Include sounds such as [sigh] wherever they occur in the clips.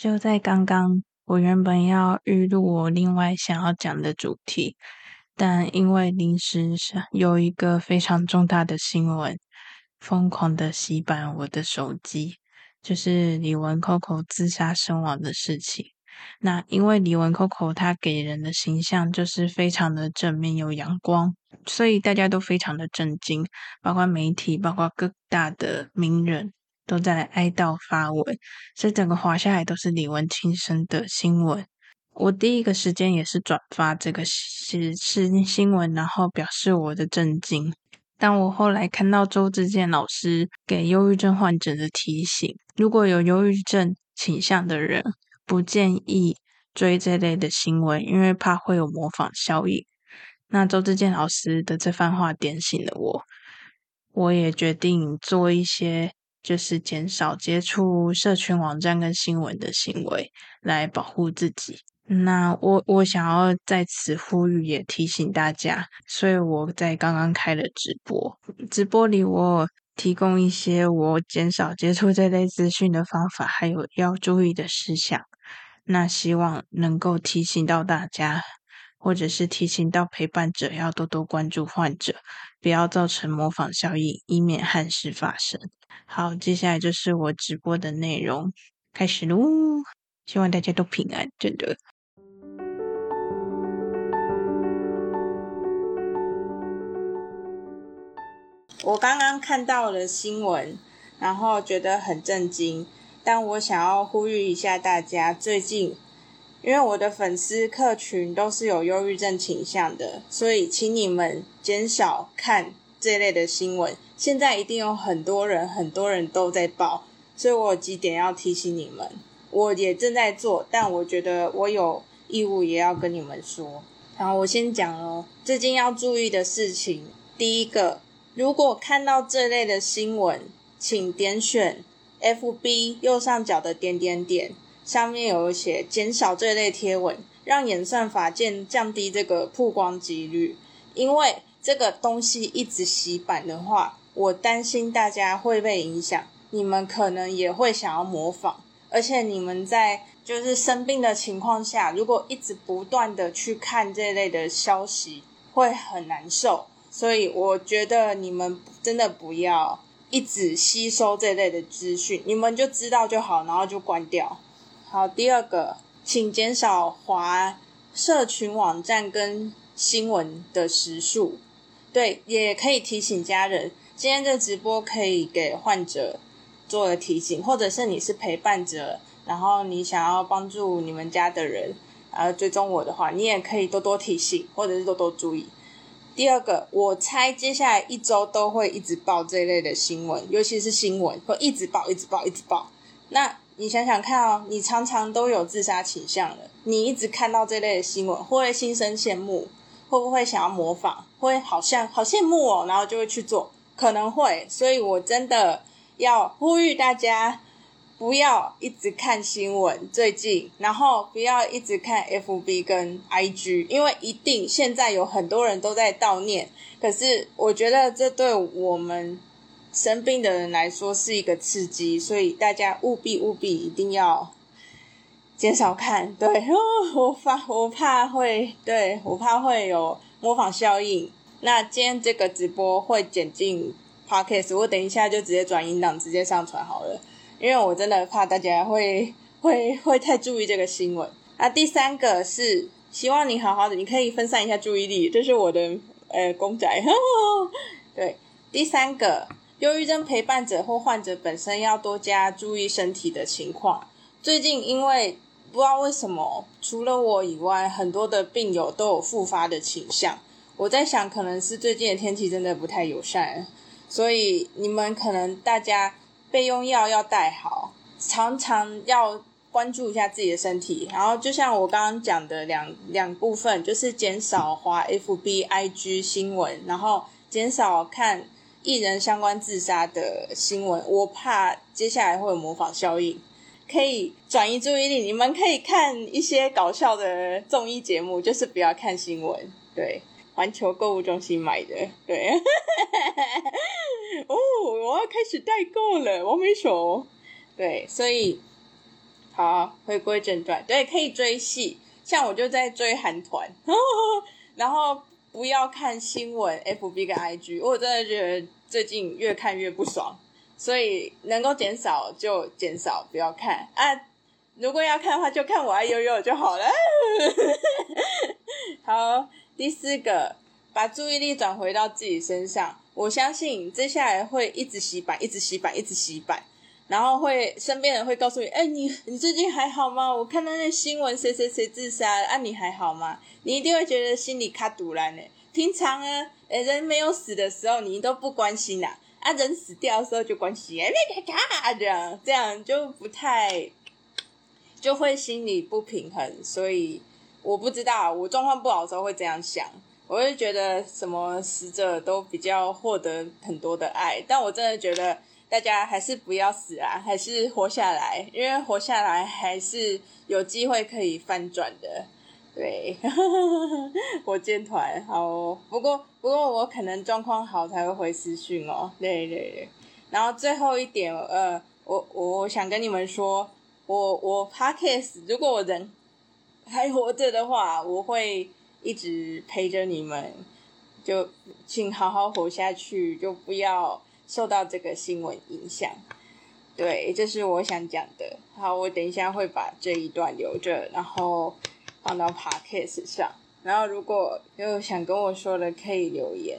就在剛剛，我原本要預錄我另外想要講的主題，但因為臨時想有一個非常重大的新聞，瘋狂的洗版我的手機，就是李玟 Coco 自殺身亡的事情。那因為李玟 Coco 她給人的形象就是非常的正面、有陽光，所以大家都非常的震驚，包括媒體，包括各大的名人。都在哀悼發文，所以整個滑下來都是李玟輕生的新聞。我第一個時間也是轉發這個時事新聞，然後表示我的震驚。但我後來看到周志健老師給憂鬱症患者的提醒：如果有憂鬱症傾向的人，不建議追這類的新聞，因為怕會有模仿效應。那周志健老師的這番話點醒了我，我也決定做一些。就是減少接觸社群網站跟新聞的行為，來保護自己。那我我想要在此呼籲，也提醒大家。所以我在剛剛開了直播，直播裡我提供一些我減少接觸這類資訊的方法，還有要注意的事項。那希望能夠提醒到大家。或者是提醒到陪伴者要多多關注患者，不要造成模仿效應，以免憾事發生。好，接下來就是我直播的內容開始嘍，希望大家都平安，真的。我剛剛看到了新聞，然後覺得很震驚，但我想要呼籲一下大家，最近。因為我的粉絲客群都是有憂鬱症傾向的，所以請你們減少看這類的新聞。現在一定有很多人，很多人都在報，所以我有幾點要提醒你們。我也正在做，但我覺得我有義務也要跟你們說。然後我先講哦，最近要注意的事情。第一個，如果看到這類的新聞，請點選 FB 右上角的點點點。下面有一些減少這類貼文，讓演算法降降低這個曝光幾率。因為這個東西一直洗版的話，我擔心大家會被影響。你們可能也會想要模仿，而且你們在就是生病的情況下，如果一直不斷的去看這類的消息，會很難受。所以我覺得你們真的不要一直吸收這類的資訊，你們就知道就好，然後就關掉。好，第二個，請減少滑社群網站跟新聞的時數。對，也可以提醒家人，今天這個直播可以給患者做了提醒，或者是你是陪伴者，然後你想要幫助你們家的人，然後追蹤我的話，你也可以多多提醒，或者是多多注意。第二個，我猜接下來一周都會一直報這類的新聞，尤其是新聞會一直報，一直報，一直報，一直報。那。你想想看哦，你常常都有自殺傾向的，你一直看到這類的新聞會不會心生羨慕？會不會想要模仿？會好像好羨慕哦，然後就會去做。可能會，所以我真的要呼籲大家，不要一直看新聞，最近，然後不要一直看 FB 跟 IG，因為一定現在有很多人都在悼念。可是我覺得這對我們。生病的人來說是一個刺激，所以大家務必務必一定要減少看。對，哦、我怕，我怕會，對，我怕會有模仿效應。那今天這個直播會剪進 Podcast，我等一下就直接轉音檔，直接上傳好了。因為我真的怕大家會會會太注意這個新聞。那、啊、第三個是希望你好好的，你可以分散一下注意力。這是我的，呃，公仔，呵呵。對，第三個。憂鬱症陪伴者或患者本身要多加注意身體的情況。最近因為不知道為什麼，除了我以外，很多的病友都有復發的傾向。我在想，可能是最近的天氣真的不太友善，所以你們可能大家備用藥要帶好，常常要關注一下自己的身體。然後就像我剛剛講的兩兩部分，就是減少滑 FB、IG 新聞，然後減少看。藝人相關自殺的新聞，我怕接下來會有模仿效應，可以轉移注意力。你們可以看一些搞笑的綜藝節目，就是不要看新聞。對，環球購物中心買的。對， [laughs] 哦，我要開始代購了，我沒手。對，所以，好，回歸正傳。對，可以追戲，像我就在追韓團， [laughs] 然後。不要看新聞，F B 跟 I G，我真的覺得最近越看越不爽，所以能夠減少就減少，不要看啊！如果要看的話，就看我愛悠悠就好了。 [laughs] 好，第四個，把注意力轉回到自己身上，我相信接下來會一直洗版，一直洗版，一直洗版。然後會身邊人會告訴你，哎，你你最近還好嗎？我看到那新聞，誰誰誰自殺，啊，你還好嗎？你一定會覺得心裡卡堵然呢。平常啊，哎人沒有死的時候，你都不關心呐、啊。啊人死掉的時候就關心，哎你別卡這樣，這樣就不太，就會心裡不平衡。所以我不知道我狀況不好的時候會這樣想，我會覺得什麼死者都比較獲得很多的愛，但我真的覺得。大家還是不要死啊，還是活下來，因為活下來還是有機會可以翻轉的。對， [laughs] 火箭團好哦，不過不過我可能狀況好才會回私訊哦。對對對，然後最後一點，呃，我我想跟你們說，我我 Podcast 如果我人還活着的話，我會一直陪着你們，就請好好活下去，就不要。受到這個新聞影響，對，這是我想講的。好，我等一下會把這一段留着，然後放到 podcast 上。然後如果有想跟我說的，可以留言。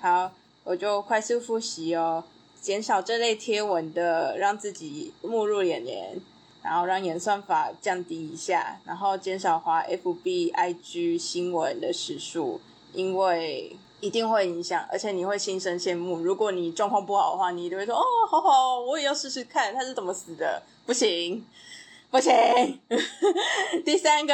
好，我就快速複習哦，減少這類貼文的讓自己目入眼簾，然後讓演算法降低一下，然後減少滑 FBIG 新聞的時數，因為。一定會影響，而且你會心生羨慕。如果你狀況不好的話，你都會說：“哦，好好，我也要試試看他是怎麼死的。”不行，不行。 [laughs] 第三個，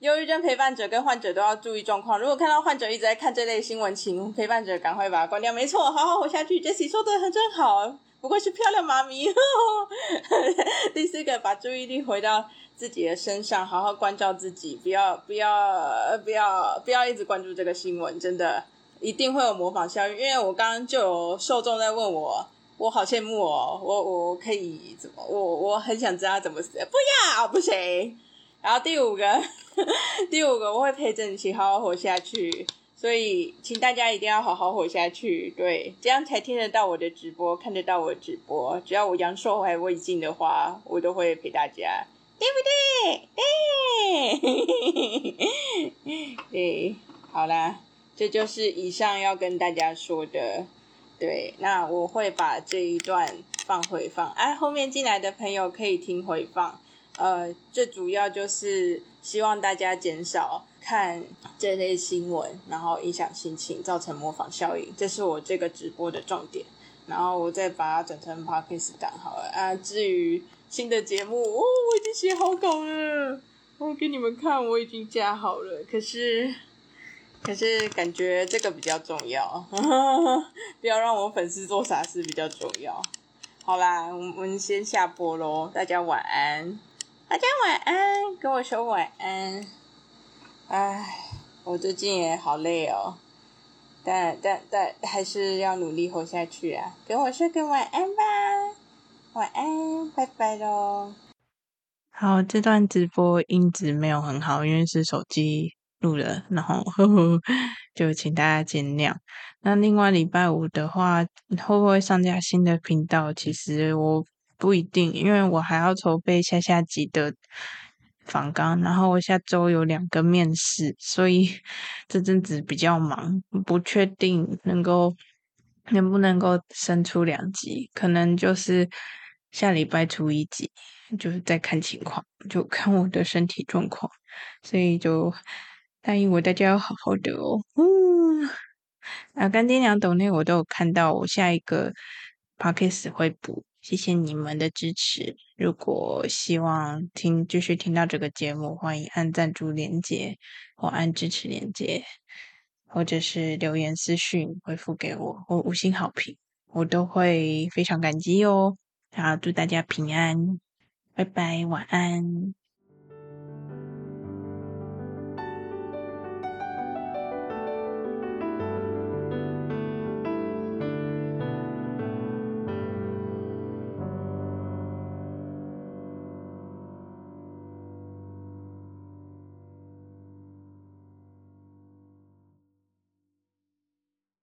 憂鬱症陪伴者跟患者都要注意狀況。如果看到患者一直在看這類新聞，請陪伴者趕快把它關掉。沒錯，好好活下去。Jesse 說得很真好，不愧是漂亮媽咪。 [laughs] 第四個，把注意力回到自己的身上，好好關照自己，不要不要不要不要一直關注這個新聞，真的。一定會有模仿效應，因為我剛剛就有受眾在問我，我好羨慕哦、喔，我我可以怎麼？我我很想知道怎麼死，不要不行。然後第五個，呵呵第五個，我會陪着你一起好好活下去，所以請大家一定要好好活下去，對，這樣才聽得到我的直播，看得到我的直播。只要我陽壽還未盡的話，我都會陪大家，對不對？哎，哎， [laughs] 好啦。這就是以上要跟大家說的，對，那我會把這一段放回放，哎、啊，後面進來的朋友可以聽回放。呃，最主要就是希望大家減少看這類新聞，然後影響心情，造成模仿效應，這是我這個直播的重點。然後我再把它轉成 Podcast 講好了。啊，至於新的節目，哦，我已經寫好稿了，我給你們看，我已經加好了，可是。可是感覺這個比較重要，呵呵，不要讓我粉絲做傻事比較重要。好啦，我們先下播嘍，大家晚安，大家晚安，跟我說晚安。唉，我最近也好累哦，但但但還是要努力活下去啊！跟我說個晚安吧，晚安，拜拜嘍。好，這段直播音質沒有很好，因為是手機。錄了，然後呵呵就請大家見諒。那另外禮拜五的話，會不會上架新的頻道？其實我不一定，因為我還要籌備下下集的訪綱，然後我下周有兩個面試，所以這陣子比較忙，不確定能夠能不能夠生出兩集，可能就是下禮拜出一集，就是再看情況，就看我的身體狀況，所以就。答應我，大家要好好的哦。嗯，啊，乾爹娘抖內我都有看到，我下一個 Podcast 會補。謝謝你們的支持。如果希望聽繼續聽到這個節目，歡迎按贊助連結或按支持連結，或者是留言私訊回復給我，或五星好評，我都會非常感激哦。啊，祝大家平安，拜拜，晚安。